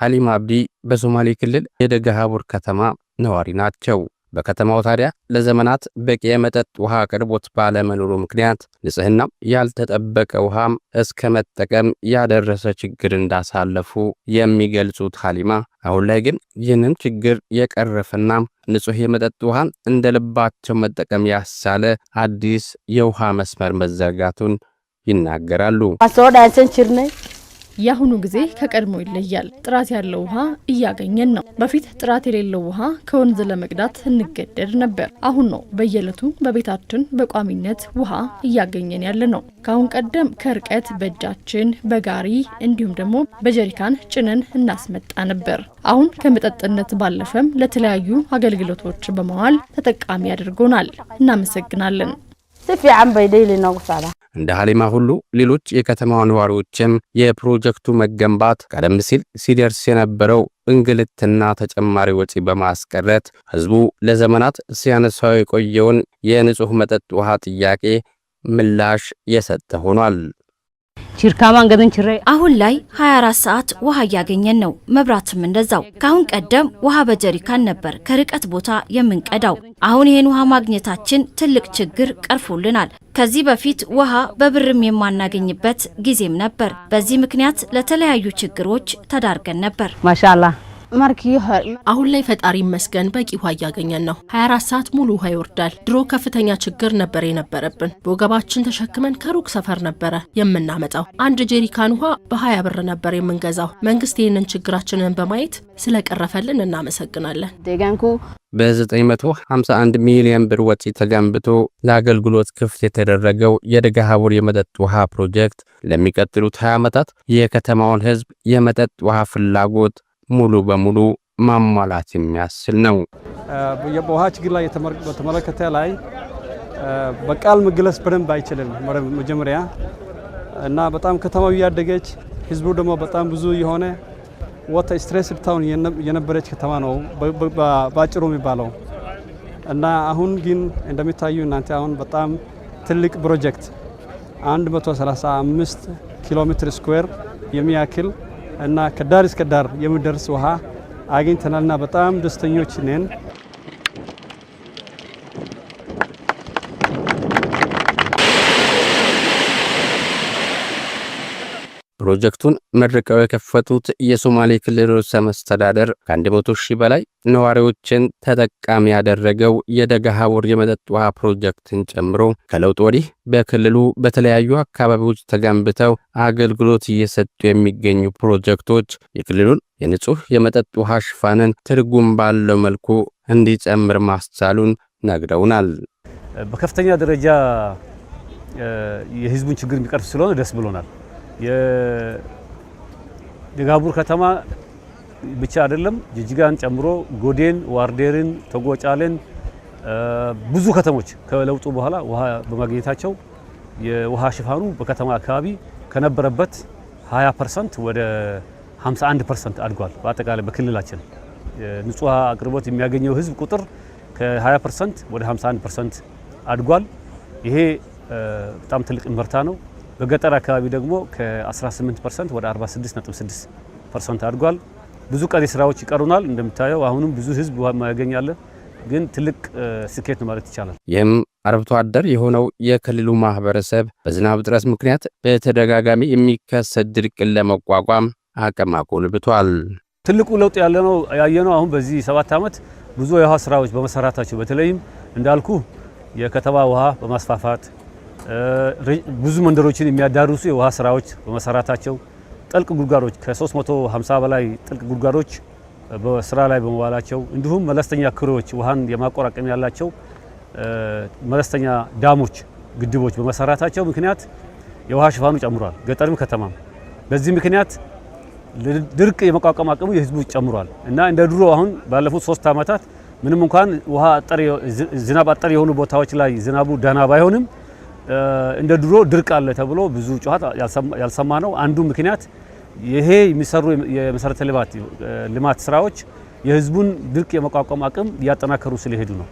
ሀሊማ አብዲ በሶማሌ ክልል የደገሃቡር ከተማ ነዋሪ ናቸው። በከተማው ታዲያ ለዘመናት በቂ የመጠጥ ውሃ አቅርቦት ባለመኖሩ ምክንያት ንጽህና ያልተጠበቀ ውሃም እስከ መጠቀም ያደረሰ ችግር እንዳሳለፉ የሚገልጹት ሀሊማ አሁን ላይ ግን ይህንን ችግር የቀረፈና ንጹህ የመጠጥ ውሃን እንደ ልባቸው መጠቀም ያሳለ አዲስ የውሃ መስመር መዘርጋቱን ይናገራሉ። የአሁኑ ጊዜ ከቀድሞ ይለያል። ጥራት ያለው ውሃ እያገኘን ነው። በፊት ጥራት የሌለው ውሃ ከወንዝ ለመቅዳት እንገደድ ነበር። አሁን ነው በየዕለቱ በቤታችን በቋሚነት ውሃ እያገኘን ያለ ነው። ከአሁን ቀደም ከርቀት በእጃችን በጋሪ እንዲሁም ደግሞ በጀሪካን ጭነን እናስመጣ ነበር። አሁን ከመጠጥነት ባለፈም ለተለያዩ አገልግሎቶች በመዋል ተጠቃሚ አድርጎናል። እናመሰግናለን። እንደ ሀሊማ ሁሉ ሌሎች የከተማዋ ነዋሪዎችም የፕሮጀክቱ መገንባት ቀደም ሲል ሲደርስ የነበረው እንግልትና ተጨማሪ ወጪ በማስቀረት ህዝቡ ለዘመናት ሲያነሳው የቆየውን የንጹሕ መጠጥ ውሃ ጥያቄ ምላሽ የሰጠ ሆኗል። ቺርካማን ገደን ቺሬ አሁን ላይ 24 ሰዓት ውሃ እያገኘን ነው። መብራትም እንደዛው። ካሁን ቀደም ውሃ በጀሪካን ነበር ከርቀት ቦታ የምንቀዳው። አሁን ይህን ውሃ ማግኘታችን ትልቅ ችግር ቀርፎልናል። ከዚህ በፊት ውሃ በብርም የማናገኝበት ጊዜም ነበር። በዚህ ምክንያት ለተለያዩ ችግሮች ተዳርገን ነበር። ማሻአላህ አሁን ላይ ፈጣሪ ይመስገን በቂ ውሃ እያገኘን ነው። 24 ሰዓት ሙሉ ውሃ ይወርዳል። ድሮ ከፍተኛ ችግር ነበር የነበረብን። በወገባችን ተሸክመን ከሩቅ ሰፈር ነበረ የምናመጣው። አንድ ጄሪካን ውሃ በሀያ ብር ነበር የምንገዛው። መንግስት ይህንን ችግራችንን በማየት ስለቀረፈልን እናመሰግናለን። በ951 ሚሊዮን ብር ወጪ ተገንብቶ ለአገልግሎት ክፍት የተደረገው ሀቡር የመጠጥ ውሃ ፕሮጀክት ለሚቀጥሉት 20 ዓመታት የከተማውን ህዝብ የመጠጥ ውሃ ፍላጎት ሙሉ በሙሉ ማሟላት የሚያስችል ነው። በውሃ ችግር ላይ በተመለከተ ላይ በቃል መግለጽ በደንብ አይችልም መጀመሪያ እና በጣም ከተማው እያደገች ህዝቡ ደግሞ በጣም ብዙ የሆነ ወተ ስትሬስ ታውን የነበረች ከተማ ነው በአጭሩ የሚባለው እና አሁን ግን እንደሚታዩ እናንተ አሁን በጣም ትልቅ ፕሮጀክት 135 ኪሎ ሜትር ስኩዌር የሚያክል እና ከዳር እስከ ዳር የሚደርስ ውሃ አግኝተናልና በጣም ደስተኞች ነን። ፕሮጀክቱን መድርቀው የከፈቱት የሶማሌ ክልል ርዕሰ መስተዳደር ከ መቶ ሺህ በላይ ነዋሪዎችን ተጠቃሚ ያደረገው የደገሃቡር የመጠጥ ውሃ ፕሮጀክትን ጨምሮ ከለውጥ ወዲህ በክልሉ በተለያዩ አካባቢዎች ተገንብተው አገልግሎት እየሰጡ የሚገኙ ፕሮጀክቶች የክልሉን የንጹህ የመጠጥ ውሃ ሽፋንን ትርጉም ባለው መልኩ እንዲጨምር ማስቻሉን ነግረውናል። በከፍተኛ ደረጃ የህዝቡን ችግር የሚቀርፍ ስለሆነ ደስ ብሎናል። የጋቡር ከተማ ብቻ አይደለም፣ ጅጅጋን ጨምሮ ጎዴን፣ ዋርዴርን፣ ተጎጫሌን ብዙ ከተሞች ከለውጡ በኋላ ውሃ በማግኘታቸው የውሃ ሽፋኑ በከተማ አካባቢ ከነበረበት 20 ፐርሰንት ወደ 51 ፐርሰንት አድጓል። በአጠቃላይ በክልላችን ንጹህ ውሃ አቅርቦት የሚያገኘው ህዝብ ቁጥር ከ20 ፐርሰንት ወደ 51 ፐርሰንት አድጓል። ይሄ በጣም ትልቅ እምርታ ነው። በገጠር አካባቢ ደግሞ ከ18 ፐርሰንት ወደ 46.6 ፐርሰንት አድጓል። ብዙ ቀሪ ስራዎች ይቀሩናል። እንደምታየው አሁንም ብዙ ህዝብ ውሃ ማያገኛለን፣ ግን ትልቅ ስኬት ነው ማለት ይቻላል። ይህም አርብቶ አደር የሆነው የክልሉ ማህበረሰብ በዝናብ ጥረት ምክንያት በተደጋጋሚ የሚከሰት ድርቅን ለመቋቋም አቅም አጎልብቷል። ትልቁ ለውጥ ያለነው ያየነው አሁን በዚህ ሰባት ዓመት ብዙ የውሃ ስራዎች በመሰራታቸው በተለይም እንዳልኩ የከተማ ውሃ በማስፋፋት ብዙ መንደሮችን የሚያዳርሱ የውሃ ስራዎች በመሰራታቸው ጥልቅ ጉድጓዶች ከ350 በላይ ጥልቅ ጉድጓዶች በስራ ላይ በመዋላቸው እንዲሁም መለስተኛ ክሬዎች ውሃን የማቆራቀም ያላቸው መለስተኛ ዳሞች፣ ግድቦች በመሰራታቸው ምክንያት የውሃ ሽፋኑ ጨምሯል፣ ገጠርም ከተማም። በዚህ ምክንያት ድርቅ የመቋቋም አቅሙ የህዝቡ ጨምሯል እና እንደ ድሮ አሁን ባለፉት ሶስት ዓመታት ምንም እንኳን ውሃ ዝናብ አጠር የሆኑ ቦታዎች ላይ ዝናቡ ደህና ባይሆንም እንደ ድሮ ድርቅ አለ ተብሎ ብዙ ጨዋታ ያልሰማ ነው። አንዱ ምክንያት ይሄ የሚሰሩ የመሰረተ ልማት ስራዎች የህዝቡን ድርቅ የመቋቋም አቅም እያጠናከሩ ስለሄዱ ነው።